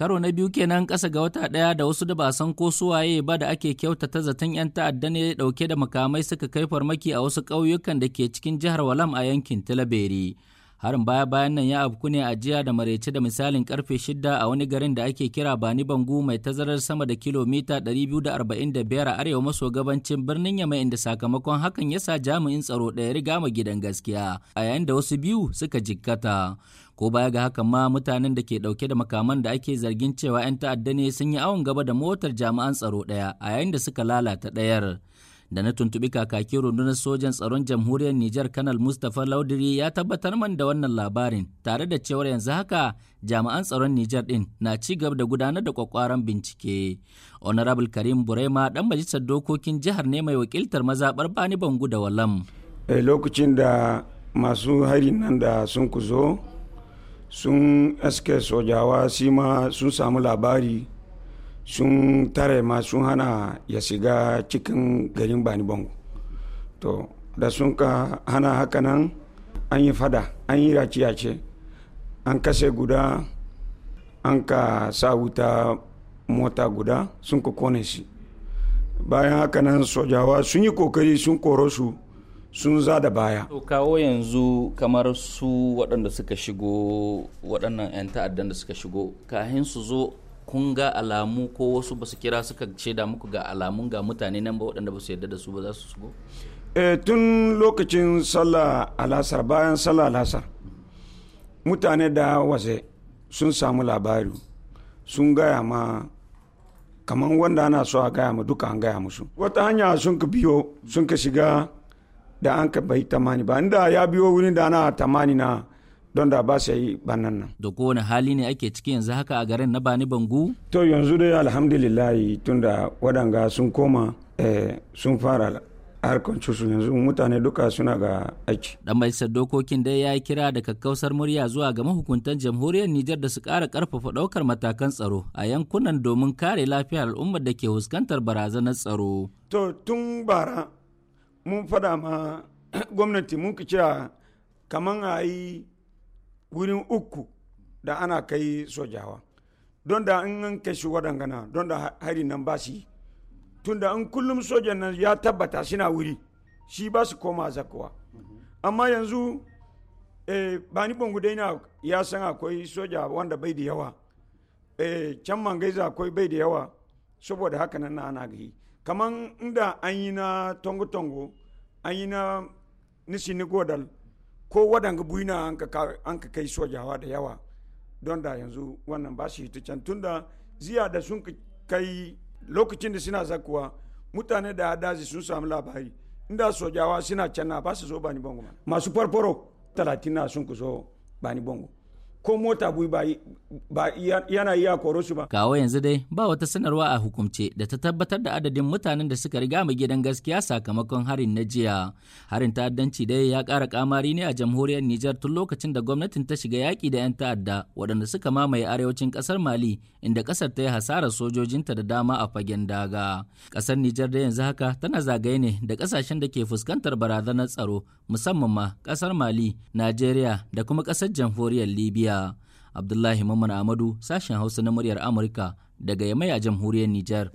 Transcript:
karo na biyu kenan ƙasa ga wata ɗaya da wasu da ba san ko su waye ba da ake kyautata zaton 'yan ta'adda ne ɗauke da makamai suka kai farmaki a wasu ƙauyukan da ke cikin jihar walam a yankin talabere harin baya bayan nan ya afku ne a jiya da maraice da misalin karfe shida a wani garin da ake kira bani bangu mai tazarar sama da kilomita 245 a arewa maso gabancin birnin yamai inda sakamakon hakan ya sa jami'in tsaro ɗaya riga ma gidan gaskiya a yayin da wasu biyu suka jikkata ko baya ga haka ma mutanen da ke dauke da makaman da ake zargin cewa 'yan ta'adda ne sun yi awon gaba da motar jami'an tsaro ɗaya a yayin da suka lalata ɗayar da na tuntubi kakaki rundunar sojan tsaron jamhuriyar Nijar kanal Mustapha Laudiri ya tabbatar man da wannan labarin tare da cewar yanzu haka jami'an tsaron Nijar din na ci gaba da gudanar da kwakwaran bincike. Honorable Karim Burema dan majalisar dokokin jihar ne mai wakiltar mazabar Bani Bangu da Walam. Eh, lokacin da masu hari nan da sun kuzo sun aske sojawa shi ma sun samu labari sun tare ma sun hana ya shiga cikin garin bani bango to da sun ka hana hakanan an yi fada an yi raciyace an kashe guda an ka sa wuta mota guda sun ka kone shi bayan hakanan sojawa sun yi kokari sun koro sun za da baya. To kawo yanzu kamar su waɗanda suka shigo waɗannan 'yan ta'addan da suka shigo kahin su zo kun ga alamu ko wasu ba su kira suka da muku ga alamun ga mutane nan ba waɗanda ba su yarda da su ba za su shigo? E, tun lokacin sallah alasar bayan sallah alasar mutane da waje sun samu labari sun gaya ma kamar wanda ana so a gaya ma duka an gaya musu wata hanya sun ka biyo sun ka shiga da an ka bai tamani ba inda ya biyo wurin da ana tamani na don da ba su yi bannan nan. Da kowane hali ne ake ciki yanzu haka a garin na Bani Bangu? To yanzu dai alhamdulillahi tunda waɗanga sun koma eh, sun fara harkar cusu yanzu mutane duka suna ga aiki. Dan majalisar dokokin dai ya kira da kakkausar murya zuwa ga mahukuntan jamhuriyar Nijar da su ƙara ƙarfafa ɗaukar matakan tsaro a yankunan domin kare lafiyar al'ummar da ke fuskantar barazanar tsaro. To tun bara mun fada ma gwamnati mun kira kaman a yi wurin uku da ana kai sojawa don da in an kashi waɗangana don da hari nan ba shi tun da an kullum sojan nan ya tabbata suna wuri shi ba su koma zakuwa amma yanzu eh, bani bangu na ya san akwai soja wanda bai da yawa eh, can mangaiza akwai bai da yawa saboda haka nan na ana gari kaman inda an yi na tongo-tongo an yi na nisi ni godal ko buyi buina an ka kai sojawa da yawa don da yanzu wannan ba su yi can tunda ziya da sun kai lokacin da suna zakuwa mutane da daji sun samu labari inda sojawa suna can na ba su zo bani bongo masu farfaro talatin na sun ku zo bani bongo ko mota bai ba yana iya koro su ba. Kawo yanzu dai ba wata sanarwa a hukumce da ta tabbatar da adadin mutanen da suka riga mu gidan gaskiya sakamakon harin na jiya. Harin ta'addanci dai ya kara kamari ne a jamhuriyar Nijar tun lokacin da gwamnatin ta shiga yaƙi da 'yan ta'adda waɗanda suka mamaye arewacin ƙasar Mali inda ƙasar ta yi hasarar sojojinta da dama a fagen daga. Ƙasar Nijar da yanzu haka tana zagaye ne da ƙasashen da ke fuskantar barazanar tsaro musamman ma ƙasar Mali, Najeriya da kuma ƙasar jamhuriyar Libya. lafiya abdullahi mamman amadu sashen hausa na muryar amurka daga yamai a jamhuriyar nijar